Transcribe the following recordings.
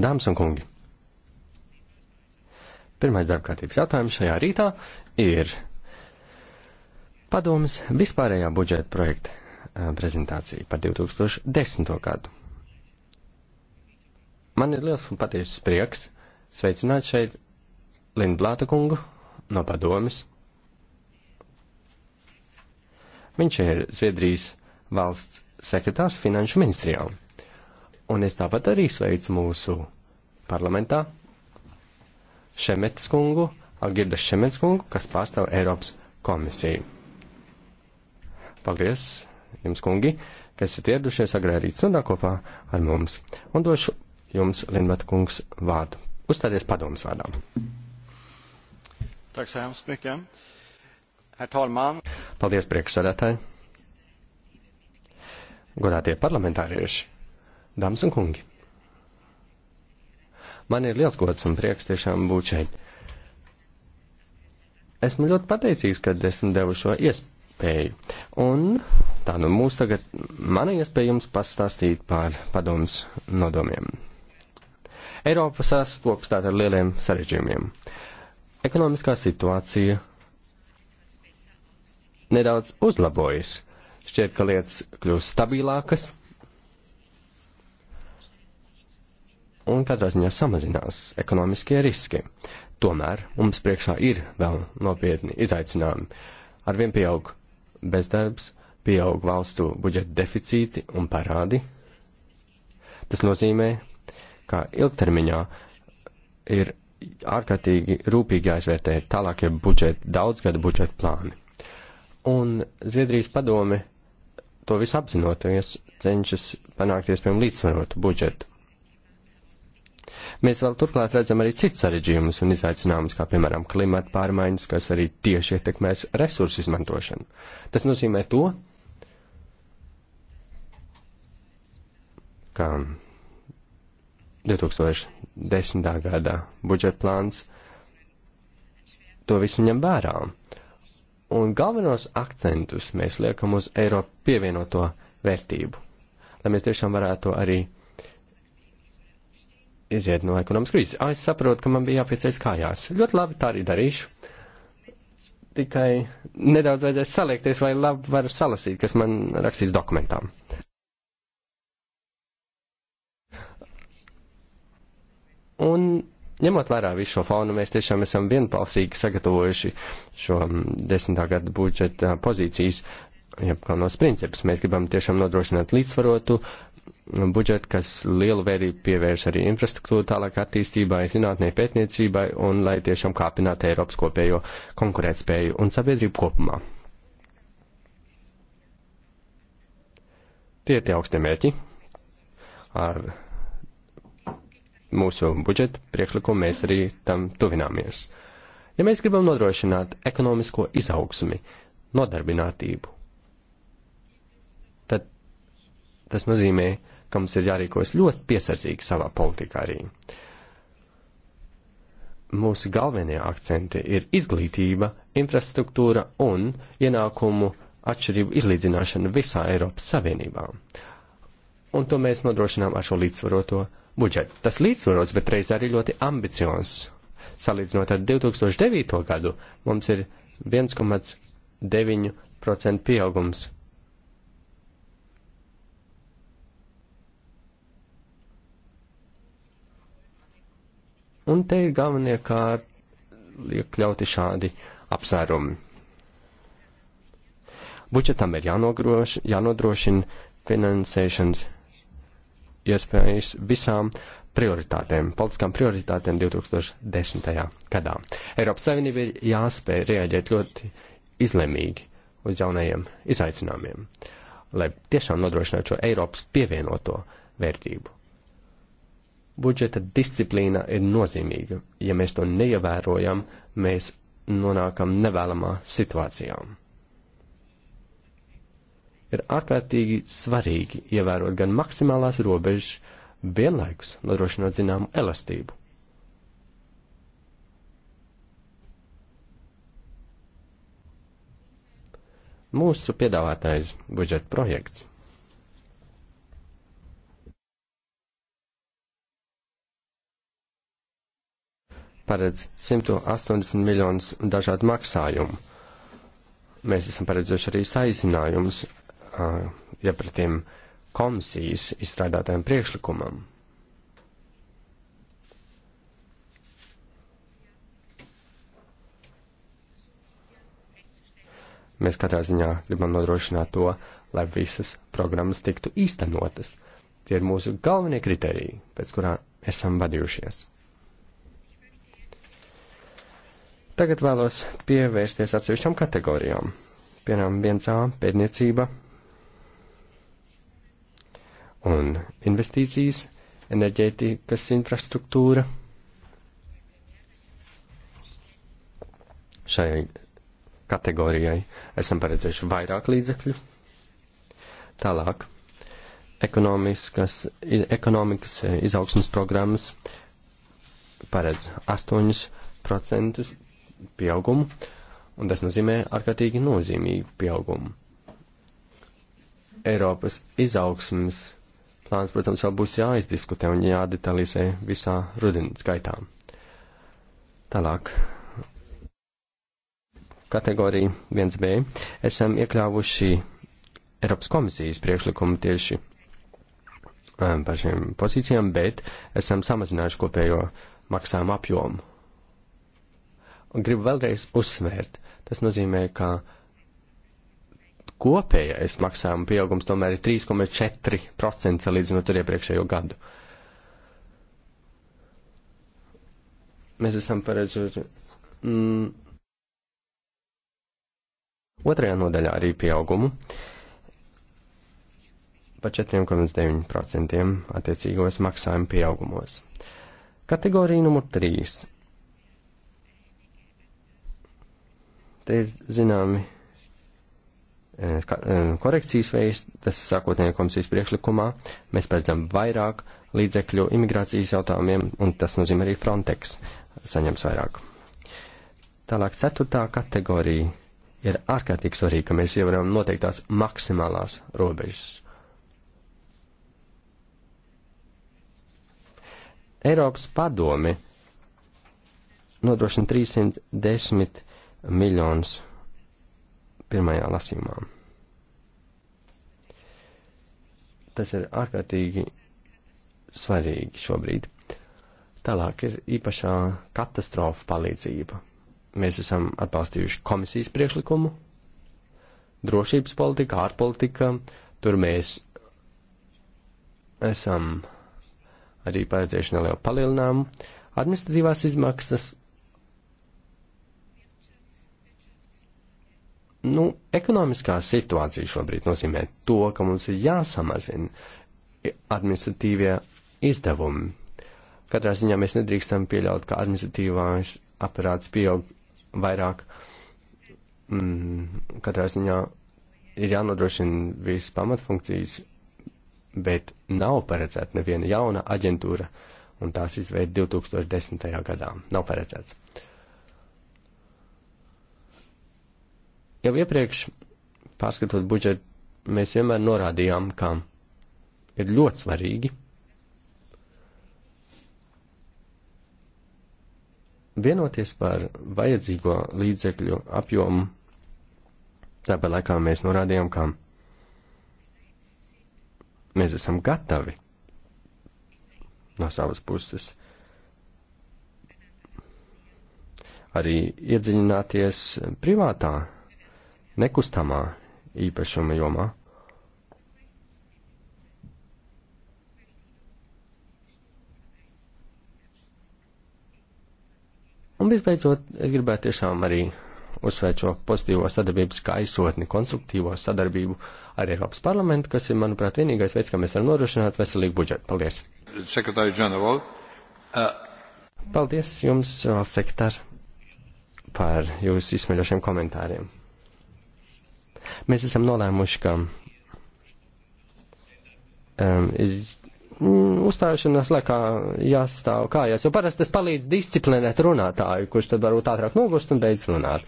Dāmas un kungi, pirmais darbkārtības jautājums šajā rītā ir padomas vispārējā budžeta projekta eh, prezentācija par 2010. gadu. Man ir liels un patiesas prieks sveicināt šeit Lindblāta kungu no padomas. Viņš ir Zviedrijas valsts sekretārs finanšu ministrijā. Un es tāpat arī sveicu mūsu parlamentā Šemets kungu, Agirda Šemets kungu, kas pārstāv Eiropas komisiju. Paldies jums, kungi, kas esat ieradušies agrāk rīt sundā kopā ar mums. Un došu jums, Lindvata kungs, vārdu. Uzstāties padomas vārdā. Paldies, priekšsādātāji. Godātie parlamentārieši dāmas un kungi. Man ir liels gods un prieks tiešām būt šeit. Esmu ļoti pateicīgs, ka esmu devu šo iespēju. Un tā nu mūs tagad, mana iespēja jums pastāstīt par padomus nodomiem. Eiropa sastopas tātad ar lieliem sarežģījumiem. Ekonomiskā situācija nedaudz uzlabojas. Šķiet, ka lietas kļūst stabilākas, un katrā ziņā samazinās ekonomiskie riski. Tomēr mums priekšā ir vēl nopietni izaicinājumi. Arvien pieaug bezdarbs, pieaug valstu budžeta deficīti un parādi. Tas nozīmē, ka ilgtermiņā ir ārkārtīgi rūpīgi jāizvērtē tālākie budžeta, daudzgada budžeta plāni. Un Zviedrijas padome to visu apzinoties cenšas panākt iespējami līdzsvarotu budžetu. Mēs vēl turklāt redzam arī cits sarežģījumus un izaicinājumus, kā piemēram klimata pārmaiņas, kas arī tieši ietekmēs resursu izmantošanu. Tas nozīmē to, ka 2010. gadā budžeta plāns to visu ņem vērā. Un galvenos akcentus mēs liekam uz Eiropu pievienoto vērtību, lai mēs tiešām varētu arī iziet no ekonomikas krīzes. Ah, es saprotu, ka man bija jāpiecais kājās. Ļoti labi, tā arī darīšu. Tikai nedaudz vajadzēs saliekties, vai labi varu salasīt, kas man rakstīts dokumentām. Un ņemot vērā visu šo faunu, mēs tiešām esam vienbalsīgi sagatavojuši šo mm, desmitā gada budžeta pozīcijas, jeb kā nos principus. Mēs gribam tiešām nodrošināt līdzsvarotu budžetu, kas lielu vērību pievērš arī infrastruktūru tālāk attīstībai, zinātnē pētniecībai un lai tiešām kāpinātu Eiropas kopējo konkurētspēju un sabiedrību kopumā. Tie ir tie augstie mērķi. Ar mūsu budžeta priekšlikumu mēs arī tam tuvināmies. Ja mēs gribam nodrošināt ekonomisko izaugsmi, nodarbinātību, Tas nozīmē, ka mums ir jārīkojas ļoti piesardzīgi savā politikā arī. Mūsu galvenie akcenti ir izglītība, infrastruktūra un ienākumu atšķirību izlīdzināšana visā Eiropas Savienībā. Un to mēs nodrošinām ar šo līdzsvaroto budžetu. Tas līdzsvarots, bet reiz arī ļoti ambiciozs. Salīdzinot ar 2009. gadu, mums ir 1,9% pieaugums Un te ir galvenie kā iekļauti šādi apsvērumi. Budžetam ir jānodrošina finansēšanas iespējas visām prioritātēm, politiskām prioritātēm 2010. gadā. Eiropas Savienība ir jāspēj rēģēt ļoti izlemīgi uz jaunajiem izaicinājumiem, lai tiešām nodrošinātu šo Eiropas pievienoto vērtību. Budžeta disciplīna ir nozīmīga. Ja mēs to neievērojam, mēs nonākam nevēlamā situācijā. Ir ārkārtīgi svarīgi ievērot gan maksimālās robežas, vienlaikus nodrošinot zināmu elastību. Mūsu piedāvātais budžeta projekts paredz 180 miljonus dažādu maksājumu. Mēs esam paredzējuši arī saizinājumus uh, iepratiem komisijas izstrādātajam priekšlikumam. Mēs katrā ziņā gribam nodrošināt to, lai visas programmas tiktu īstenotas. Tie ir mūsu galvenie kriteriji, pēc kurā esam vadījušies. Tagad vēlos pievērsties atsevišķām kategorijām. Piemēram, 1A pētniecība un investīcijas, enerģētikas infrastruktūra. Šai kategorijai esam paredzējuši vairāk līdzekļu. Tālāk, ekonomiskas, ekonomikas izaugsmas programmas paredz 8% pieaugumu, un tas nozīmē ārkārtīgi nozīmīgu pieaugumu. Eiropas izaugsmas plāns, protams, vēl būs jāizdiskutē un jādetalizē visā rudenis gaitā. Tālāk. Kategorija 1b esam iekļāvuši Eiropas komisijas priekšlikumu tieši um, par šiem pozīcijām, bet esam samazinājuši kopējo maksājumu apjomu Un gribu vēlreiz uzsvērt, tas nozīmē, ka kopējais maksājuma pieaugums tomēr ir 3,4% salīdzinot ar iepriekšējo gadu. Mēs esam paredzējuši. Mm, otrajā nodaļā arī pieaugumu pa 4,9% attiecīgos maksājumu pieaugumos. Kategorija numur 3 Te ir zināmi e, e, korekcijas veids, tas sākotnējā komisijas priekšlikumā. Mēs paredzam vairāk līdzekļu imigrācijas jautājumiem, un tas nozīmē arī Frontex saņems vairāk. Tālāk ceturtā kategorija ir ārkārtīgi svarīga, ka mēs ievaram noteiktās maksimālās robežas. Eiropas padome nodrošina 310 miljonus pirmajā lasījumā. Tas ir ārkārtīgi svarīgi šobrīd. Tālāk ir īpašā katastrofa palīdzība. Mēs esam atbalstījuši komisijas priekšlikumu, drošības politika, ārpolitika, tur mēs esam arī paredzējuši nelielu palielinājumu. Administratīvās izmaksas Nu, ekonomiskā situācija šobrīd nozīmē to, ka mums ir jāsamazina administratīvie izdevumi. Katrā ziņā mēs nedrīkstam pieļaut, ka administratīvās aparāts pieaug vairāk. Mm, katrā ziņā ir jānodrošina visas pamatfunkcijas, bet nav paredzēta neviena jauna aģentūra, un tās izveida 2010. gadā. Nav paredzēts. Uh, Jau iepriekš, pārskatot budžetu, mēs vienmēr norādījām, ka ir ļoti svarīgi vienoties par vajadzīgo līdzekļu apjomu. Tāpēc laikā mēs norādījām, ka mēs esam gatavi no savas puses arī iedziļināties privātā nekustamā īpašuma jomā. Un visbeidzot, es gribētu tiešām arī uzsvērt šo pozitīvo sadarbības kaisotni, konstruktīvo sadarbību ar Eiropas parlamentu, kas ir, manuprāt, vienīgais veids, kā mēs varam nodrošināt veselīgu budžetu. Paldies! Sekretāri ģenerāli. Uh. Paldies jums, valsts sekretār, par jūsu izsmeļošiem komentāriem. Mēs esam nolēmuši, ka um, ir mm, uzstāšanās laikā jāstāv kājās, jo parasti tas palīdz disciplinēt runātāju, kurš tad varbūt ātrāk nogurst un beidz runāt.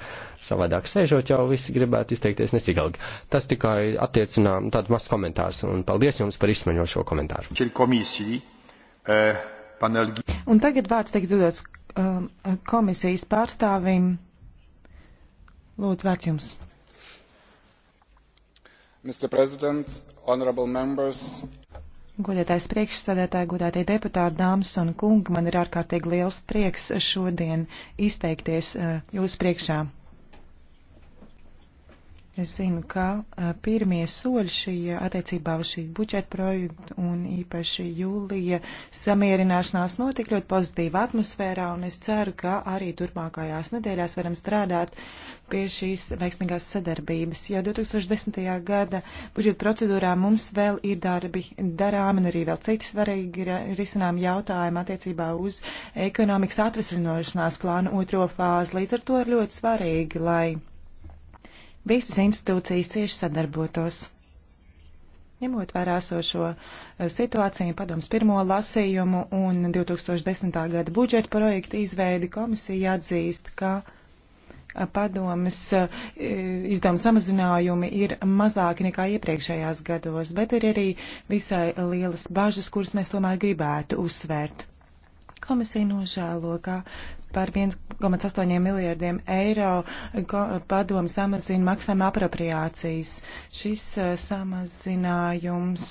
Savādāk sēžot jau visi gribētu izteikties nesīgalgi. Tas tikai attiecinā tāds mazs komentārs, un paldies jums par izsmeļošo komentāru. E, un tagad vārds tiek dodots um, komisijas pārstāvim. Lūdzu, vārds jums. Mr. President, honorable members. Godētais priekšsēdētāji, godētie deputāti, dāmas un kungi, man ir ārkārtīgi liels prieks šodien izteikties uh, eh, jūsu priekšā. Es zinu, ka pirmie soļi šī attiecībā uz šī budžeta projektu un īpaši jūlija samierināšanās notika ļoti pozitīva atmosfērā, un es ceru, ka arī turpmākajās nedēļās varam strādāt pie šīs veiksmīgās sadarbības. Jau 2010. gada budžeta procedūrā mums vēl ir darbi darām, un arī vēl citi svarīgi risinām jautājumi attiecībā uz ekonomikas atvesļinošanās plānu otro fāzi. Līdz ar to ir ļoti svarīgi, lai visas institūcijas cieši sadarbotos. Ņemot vērā esošo eh, situāciju, padoms pirmo lasījumu un 2010. gada budžeta projektu izveidi komisija atzīst, ka eh, padomas eh, izdevuma samazinājumi ir mazāki nekā iepriekšējās gados, bet ir arī visai lielas bažas, kuras mēs tomēr gribētu uzsvērt. Komisija nožēlo, ka par 1,8 miljardiem eiro padomu samazina maksājuma apropriācijas. Šis eh, samazinājums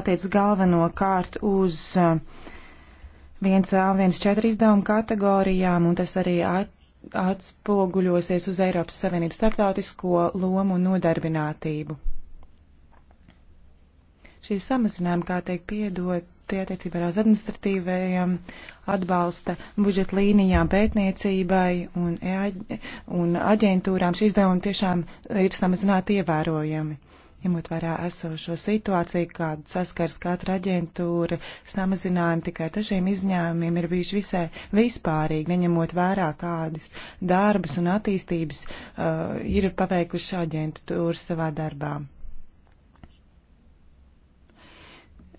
attiec galvenokārt uz 1A eh, un 1,4 izdevumu kategorijām, un tas arī at, atspoguļosies uz Eiropas Savienības starptautisko lomu un nodarbinātību. Šie samazinājumi, kā teikt, piedot tie attiecībā uz administratīvajiem atbalsta budžeta līnijām, pētniecībai un, e un aģentūrām. Šī izdevuma tiešām ir samazināti ievērojami. Ņemot vērā esošo situāciju, kāda saskars katra aģentūra, samazinājumi tikai dažiem izņēmumiem ir bijuši visai vispārīgi, neņemot vērā, kādas darbas un attīstības uh, ir paveikuši aģentūras savā darbā.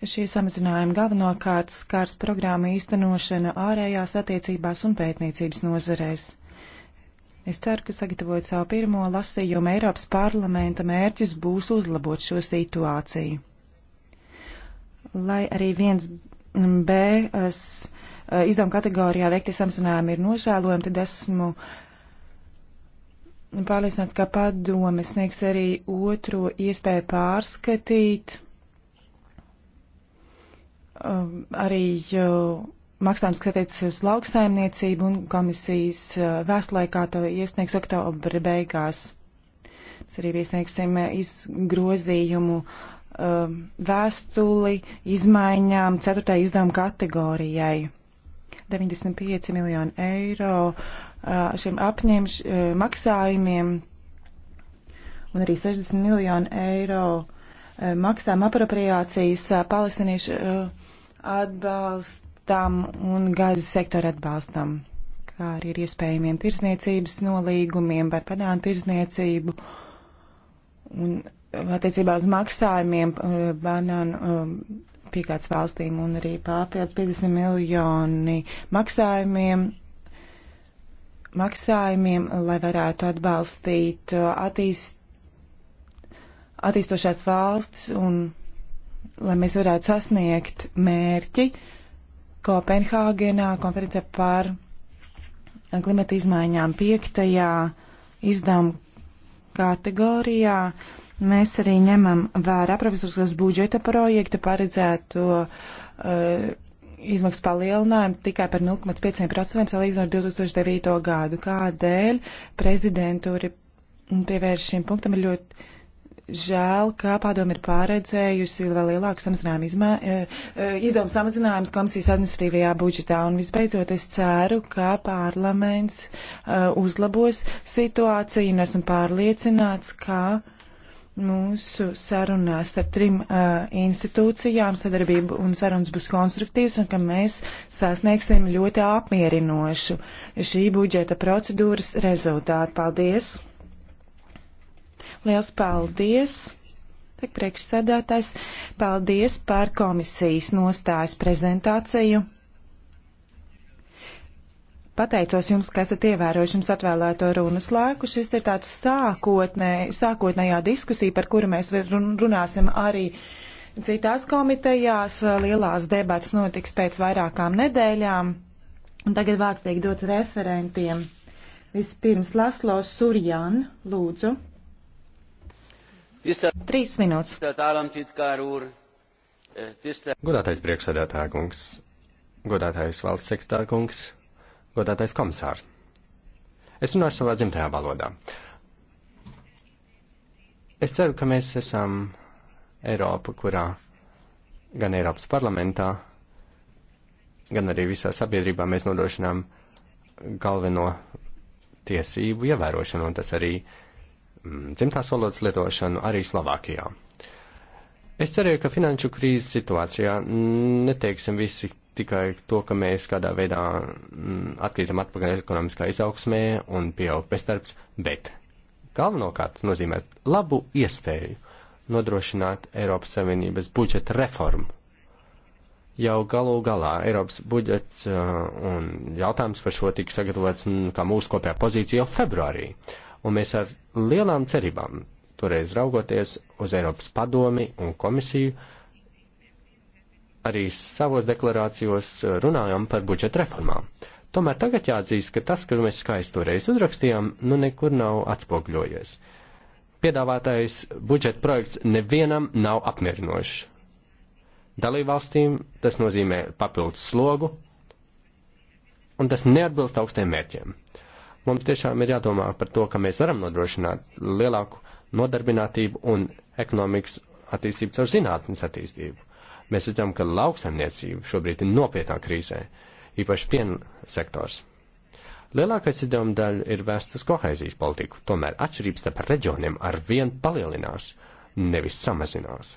Šie samazinājumi galvenokārt skārs programmu īstenošanu ārējās attiecībās un pētniecības nozarēs. Es ceru, ka sagatavojot savu pirmo lasījumu, Eiropas parlamenta mērķis būs uzlabot šo situāciju. Lai arī viens B eh, izdevuma kategorijā veikti samazinājumi ir nožēlojami, tad esmu pārliecināts, ka padome sniegs arī otro iespēju pārskatīt Um, arī maksājums, kas attiecas uz lauksaimniecību un komisijas uh, vēstulē, kā to iesniegs oktobra beigās. Mēs arī iesniegsim uh, izgrozījumu um, vēstuli izmaiņām 4. izdevuma kategorijai. 95 miljonu eiro uh, šiem apņemš maksājumiem un arī 60 miljonu eiro maksājuma apropriācijas palestiniešu atbalstam un gāzes sektoru atbalstam, kā arī ar iespējamiem tirsniecības nolīgumiem par padānu tirsniecību un attiecībā uz maksājumiem eh, banānu eh, piekāds valstīm un arī pārpildus 50 miljoni maksājumiem maksājumiem, lai varētu atbalstīt eh, attīst, attīstošās valstis un lai mēs varētu sasniegt mērķi Kopenhāgenā konferencē par klimata izmaiņām piektajā izdevuma kategorijā. Mēs arī ņemam vērā profesoriskās budžeta projekta paredzēto uh, izmaksu palielinājumu tikai par 0,5% salīdzinot ar 2009. gadu. Kādēļ prezidentūra pievērš šim punktam ir ļoti Žēl, kā padomu ir pārredzējusi vēl lielāku samazinājumu izmē, e, e, izdevumu samazinājumus komisijas administratīvajā budžetā. Un visbeidzot, es ceru, ka parlaments uh, uzlabos situāciju un esmu pārliecināts, ka mūsu sarunās starp trim uh, institūcijām sadarbība un sarunas būs konstruktīvas un ka mēs sasniegsim ļoti apmierinošu šī budžeta procedūras rezultātu. Paldies! Liels paldies! Tik priekšsēdētājs, paldies par komisijas nostājas prezentāciju. Pateicos jums, ka esat ievērojuši jums atvēlēto runas laiku. Šis ir tāds sākotnē, sākotnējā diskusija, par kuru mēs runāsim arī citās komitejās. Lielās debats notiks pēc vairākām nedēļām. Un tagad vārds tiek dots referentiem. Vispirms Laslo Surjan, lūdzu. Trīs minūtes. Eh, godātais priekšsēdētā kungs, godātais valsts sekretā kungs, godātais komisār. Es runāšu savā dzimtajā valodā. Es ceru, ka mēs esam Eiropa, kurā gan Eiropas parlamentā, gan arī visā sabiedrībā mēs nodrošinām galveno tiesību ievērošanu, un tas arī uh, Mm, dzimtās valodas lietošanu arī Slovākijā. Es ceru, ka finanšu krīzes situācijā mm, neteiksim visi tikai to, ka mēs kādā veidā mm, atkrītam atpakaļ ekonomiskā izaugsmē un pieaug bestarbs, bet galvenokārt tas nozīmē labu iespēju nodrošināt Eiropas Savienības budžeta reformu. Jau galu galā Eiropas budžets uh, un jautājums par šo tika sagatavots kā mūsu kopējā pozīcija jau februārī. Uh, un mēs ar lielām cerībām toreiz raugoties uz Eiropas padomi un komisiju, arī savos deklarācijos runājām par budžeta reformām. Tomēr tagad jāatzīst, ka tas, ka mēs skaisti toreiz uzrakstījām, nu nekur nav atspogļojies. Piedāvātais budžeta projekts nevienam nav apmierinošs. Dalībvalstīm tas nozīmē papildus slogu, un tas neatbilst augstiem mērķiem. Mums tiešām ir jādomā par to, ka mēs varam nodrošināt lielāku nodarbinātību un ekonomikas attīstību caur zinātnes attīstību. Mēs redzam, ka lauksaimniecība šobrīd ir nopietnā krīzē, īpaši piena sektors. Lielākais izdevuma daļa ir vērsta uz kohēzijas politiku, tomēr atšķirības starp reģioniem ar vienu palielinās, nevis samazinās.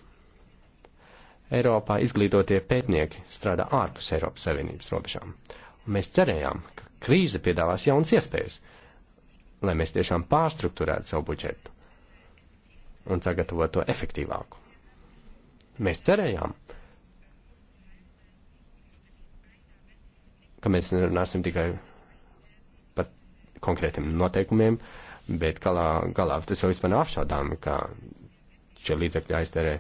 Eiropā izglītotie pētnieki strādā ārpus Eiropas Savienības robežām, un mēs cerējām, Krīze piedāvās jaunas iespējas, lai mēs tiešām pārstruktūrētu savu budžetu un sagatavotu to efektīvāku. Mēs cerējām, ka mēs nerunāsim tikai par konkrētiem noteikumiem, bet galā, galā tas jau vispār nav apšaudām, ka šie līdzekļi aizterē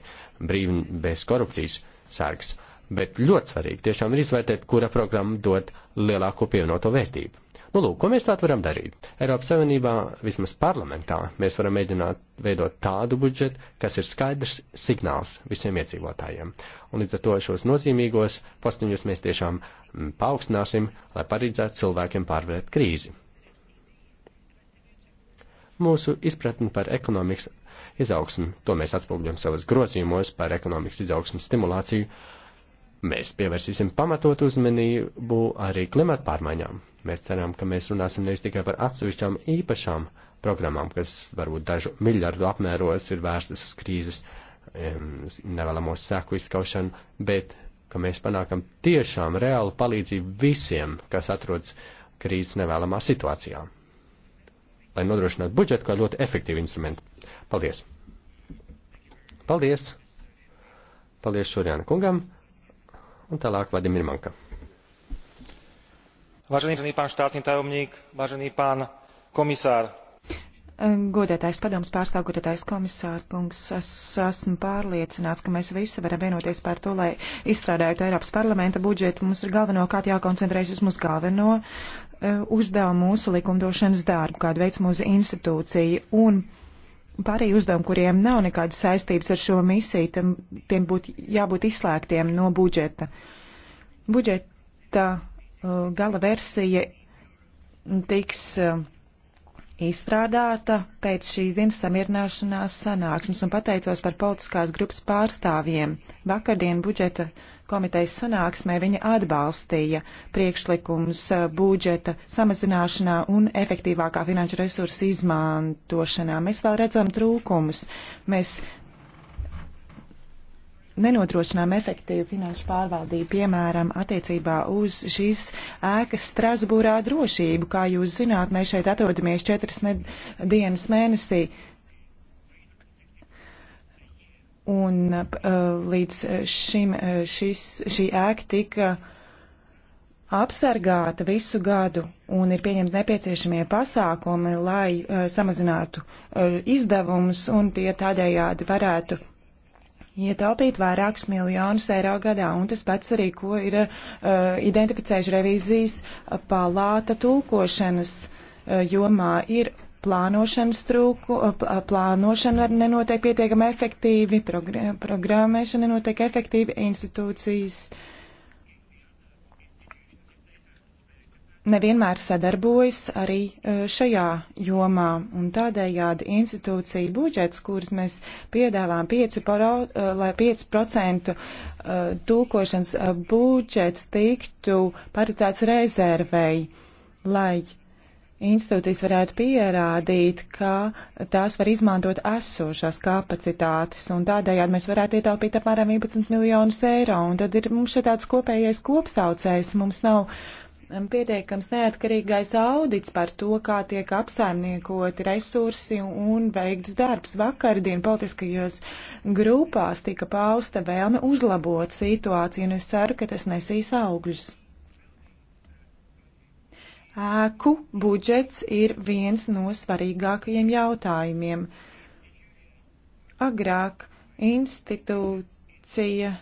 brīvi bez korupcijas sērgs. Uh, Bet ļoti svarīgi tiešām ir izvērtēt, kura programma dod lielāko pievienoto vērtību. Nu, lūk, ko mēs tādu varam darīt? Eiropas Savienībā, vismaz parlamentā, mēs varam mēģināt veidot tādu budžetu, kas ir skaidrs signāls visiem iedzīvotājiem. Un līdz ar to šos nozīmīgos postiņus mēs tiešām mm, paaugstināsim, lai paredzētu cilvēkiem pārvarēt krīzi. Mūsu izpratni par ekonomikas izaugsmu, to mēs atspūgļam savas grozījumos par ekonomikas izaugsmas stimulāciju, uh, Mēs pievērsīsim pamatot uzmanību arī klimata pārmaiņām. Mēs ceram, ka mēs runāsim nevis tikai par atsevišķām īpašām programmām, kas varbūt dažu miljardu apmēros ir vērstas uz krīzes nevēlamos seku izskaušanu, bet ka mēs panākam tiešām reālu palīdzību visiem, kas atrodas krīzes nevēlamā situācijā, lai nodrošinātu budžetu kā ļoti efektīvu instrumentu. Paldies! Paldies! Paldies Šurjana kungam! Un tālāk Vladimir Manka. Vážený pán štátny tajomník, vážený pán komisār. Godētais padoms pārstāv, godētais komisārkungs, es esmu pārliecināts, ka mēs visi varam vienoties par to, lai izstrādājot Eiropas parlamenta budžetu, mums ir galvenokārt jākoncentrējas uz mūsu galveno eh, uzdevumu mūsu likumdošanas darbu, kādu veids mūsu institūcija. Un Pārējie uzdevumi, kuriem nav nekādas saistības ar šo misiju, tam, tiem būtu jābūt izslēgtiem no budžeta. Budžeta uh, gala versija tiks uh, izstrādāta pēc šīs dienas samierināšanās sanāksmes un pateicos par politiskās grupas pārstāvjiem. Vakardien budžeta komitejas sanāksmē viņa atbalstīja priekšlikums eh, budžeta samazināšanā un efektīvākā finanšu resursu izmantošanā. Mēs vēl redzam trūkumus. Mēs nenodrošinām efektīvu finanšu pārvaldību, piemēram, attiecībā uz šīs ēkas Strasbūrā drošību. Kā jūs zināt, mēs šeit atrodamies četras dienas mēnesī. Un uh, līdz šim uh, šis, šī ēka tika apsargāta visu gadu un ir pieņemti nepieciešamie pasākumi, lai uh, samazinātu uh, izdevumus un tie tādējādi varētu ietaupīt vairākus miljonus eiro gadā, un tas pats arī, ko ir uh, identificējuši revīzijas palāta tulkošanas uh, jomā, ir plānošanas trūku, eh, plānošana nenotiek pietiekami efektīvi, progr programmēšana nenotiek efektīvi, institūcijas uh, nevienmēr sadarbojas arī e, šajā jomā, un tādējādi institūcija budžets, kuras mēs piedāvām 5%, pro, e, lai 5% e, tulkošanas budžets tiktu paredzēts rezervei, lai institūcijas varētu pierādīt, ka tās var izmantot esošās kapacitātes, un tādējādi mēs varētu ietaupīt apmēram 11 miljonus eiro, un tad ir mums šeit tāds kopējais kopsaucējs, mums nav uh, pietiekams neatkarīgais audits par to, kā tiek apsaimniekoti resursi un veikts darbs. Vakardien politiskajos grupās tika pausta vēlme uzlabot situāciju, un es ceru, ka tas nesīs augļus. Ēku budžets ir viens no svarīgākajiem jautājumiem. Agrāk institūcija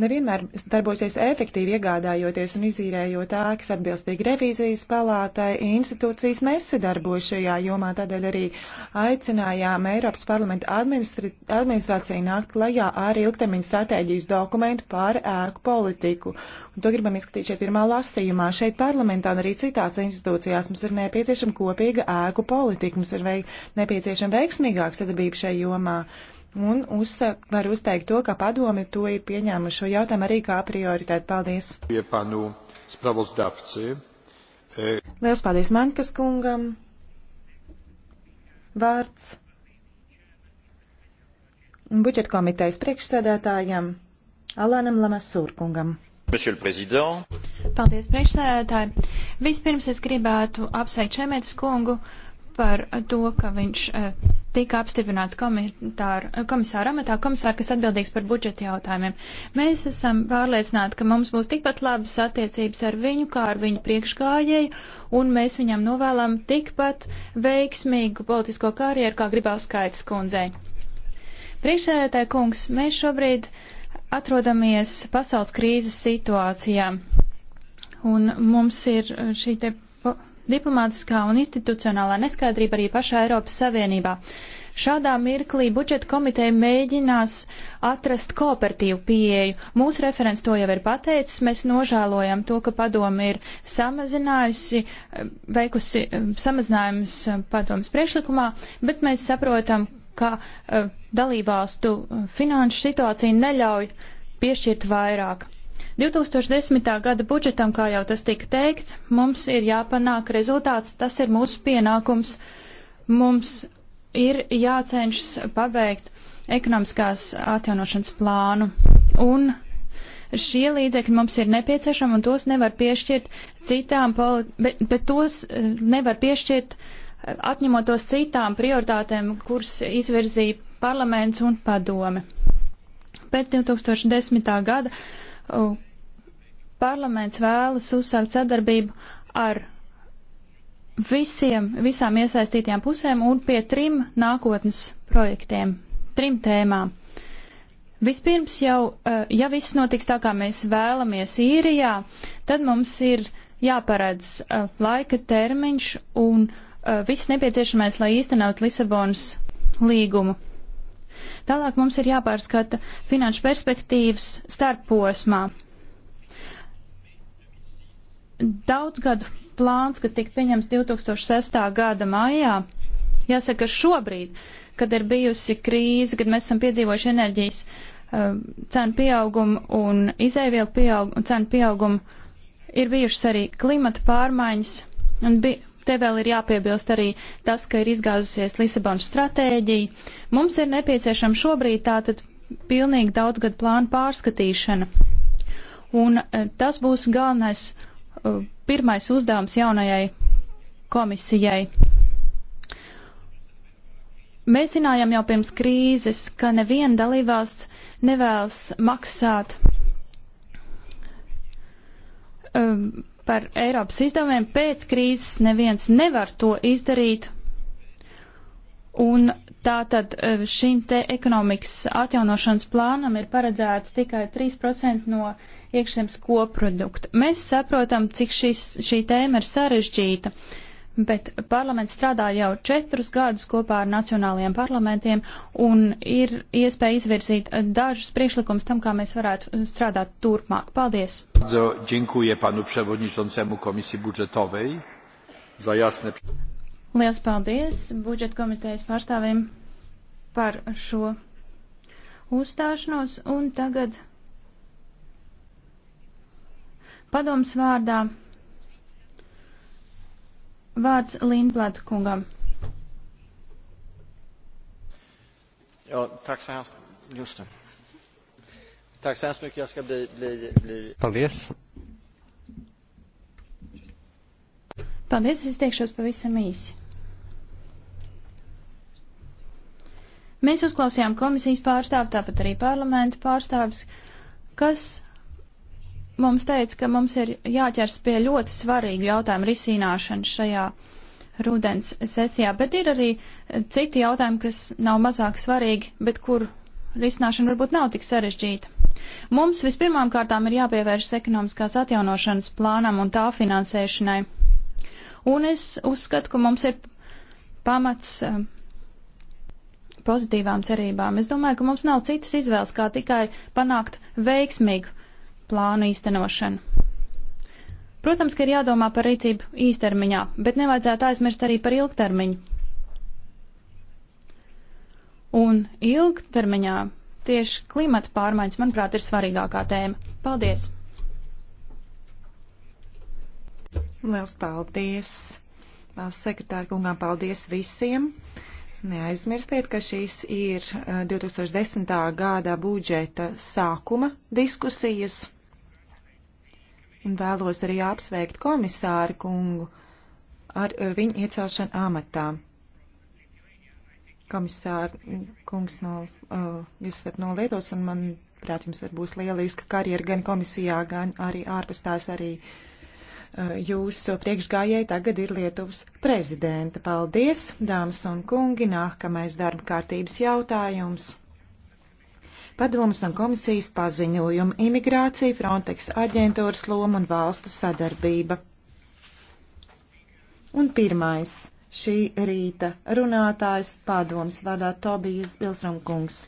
nevienmēr darbosies efektīvi iegādājoties un izīrējot ēkas atbilstīgi revīzijas palātai, institūcijas nesadarbojas šajā jomā, tādēļ arī aicinājām Eiropas parlamenta administrāciju nākt klajā ar ilgtermiņa stratēģijas dokumentu par ēku politiku. Un to gribam izskatīt šeit pirmā lasījumā. Šeit parlamentā un arī citās institūcijās mums ir nepieciešama kopīga ēku politika, mums ir veik, nepieciešama veiksmīgāka sadarbība šajā jomā. Un uzsak, var uzteikt to, ka padomi to ir pieņēmuši šo jautājumu arī kā prioritāti. Paldies! E, Liels paldies Mankas kungam! Vārds budžeta komitejas priekšsēdētājam Alanam Lamasurkungam. Paldies, priekšsēdētāji! Vispirms es gribētu apsveikt Čemētas kungu par to, ka viņš eh, tika apstiprināts komisāra amatā, komisāra, kas atbildīgs par budžeta jautājumiem. Mēs esam pārliecināti, ka mums būs tikpat labas attiecības ar viņu, kā ar viņu priekšgājēju, un mēs viņam novēlam tikpat veiksmīgu politisko karjeru, kā gribēja skaitas kundzei. Priekšsēdētāji kungs, mēs šobrīd atrodamies pasaules krīzes situācijā, un mums ir šī te diplomātiskā un institucionālā neskaidrība arī pašā Eiropas Savienībā. Šādā mirklī budžeta komiteja mēģinās atrast kooperatīvu pieeju. Mūsu referents to jau ir pateicis, mēs nožēlojam to, ka padomi ir samazinājusi, veikusi samazinājumus padomas priekšlikumā, bet mēs saprotam, ka eh, dalībvalstu finanšu situācija neļauj piešķirt vairāk. 2010. gada budžetam, kā jau tas tika teikts, mums ir jāpanāk rezultāts, tas ir mūsu pienākums. Mums ir jācenšas pabeigt ekonomiskās atjaunošanas plānu. Un šie līdzekļi mums ir nepieciešami un tos nevar piešķirt citām, bet, bet tos eh, nevar piešķirt eh, atņemot tos citām prioritātēm, kuras izvirzīja parlaments un padome. Pēc 2010. gada parlaments vēlas uzsākt sadarbību ar visiem, visām iesaistītajām pusēm un pie trim nākotnes projektiem, trim tēmām. Vispirms jau, eh, ja viss notiks tā, kā mēs vēlamies īrijā, tad mums ir jāparedz eh, laika termiņš un eh, viss nepieciešamais, lai īstenot Lisabonas līgumu. Tālāk mums ir jāpārskata finanšu perspektīvas starposmā. Daudzgadu plāns, kas tika pieņems 2006. gada maijā, jāsaka šobrīd, kad ir bijusi krīze, kad mēs esam piedzīvojuši enerģijas uh, cenu pieaugumu un izēvielu pieaugumu, cenu pieaugumu, ir bijušas arī klimata pārmaiņas un bija te vēl ir jāpiebilst arī tas, ka ir izgāzusies Lisabonas stratēģija. Mums ir nepieciešama šobrīd tātad pilnīgi daudzgad plānu pārskatīšana. Un e, tas būs galvenais e, pirmais uzdevums jaunajai komisijai. Mēs zinājām jau pirms krīzes, ka neviena dalībvalsts nevēlas maksāt um, par Eiropas izdevumiem pēc krīzes neviens nevar to izdarīt. Un tātad e, šim te ekonomikas atjaunošanas plānam ir paredzēts tikai 3% no iekšzemes koprodukta. Mēs saprotam, cik šis, šī tēma ir sarežģīta. Uh, bet parlaments strādā jau četrus gadus kopā ar nacionālajiem parlamentiem un ir iespēja izvirzīt dažus priekšlikumus tam, kā mēs varētu strādāt turpmāk. Paldies! Liels paldies budžeta komitejas pārstāvim par šo uzstāšanos un tagad padoms vārdā. Vārds Lindblad kungam. Ja, tack så hemskt. Just det. Tack så hemskt mycket. Jag ska bli... bli, bli... Paldies. Paldies, es teikšos pavisam īsi. Mēs uzklausījām komisijas pārstāvu, tāpat arī parlamenta pārstāvis, kas mums teica, ka mums ir jāķers pie ļoti svarīgu jautājumu risināšanas šajā rudens sesijā, bet ir arī eh, citi jautājumi, kas nav mazāk svarīgi, bet kur risināšana varbūt nav tik sarežģīta. Mums vispirmām kārtām ir jāpievēršas ekonomiskās atjaunošanas plānam un tā finansēšanai. Un es uzskatu, ka mums ir pamats eh, pozitīvām cerībām. Es domāju, ka mums nav citas izvēles, kā tikai panākt veiksmīgu plānu īstenošanu. Protams, ka ir jādomā par rīcību īstermiņā, bet nevajadzētu aizmirst arī par ilgtermiņu. Un ilgtermiņā tieši klimata pārmaiņas, manuprāt, ir svarīgākā tēma. Paldies! Liels paldies! Valsts sekretāra kungām paldies visiem! Neaizmirstiet, ka šīs ir 2010. Eh, gada budžeta sākuma diskusijas. Un vēlos arī apsveikt komisāru kungu ar eh, viņu iecelšanu amatā. Komisāra kungs no, uh, jūs esat no Lietuvas, un manuprāt, jums būs lieliska karjera gan komisijā, gan arī ārpus tās arī uh, Eh, jūsu priekšgājēji tagad ir Lietuvas prezidenta. Paldies, dāmas un kungi, nākamais darba kārtības jautājums. Padomas un komisijas paziņojumi - imigrācija, Frontex aģentūras loma un valstu sadarbība. Un pirmais šī rīta runātājs padomas vadā Tobijas Bilsramkungs.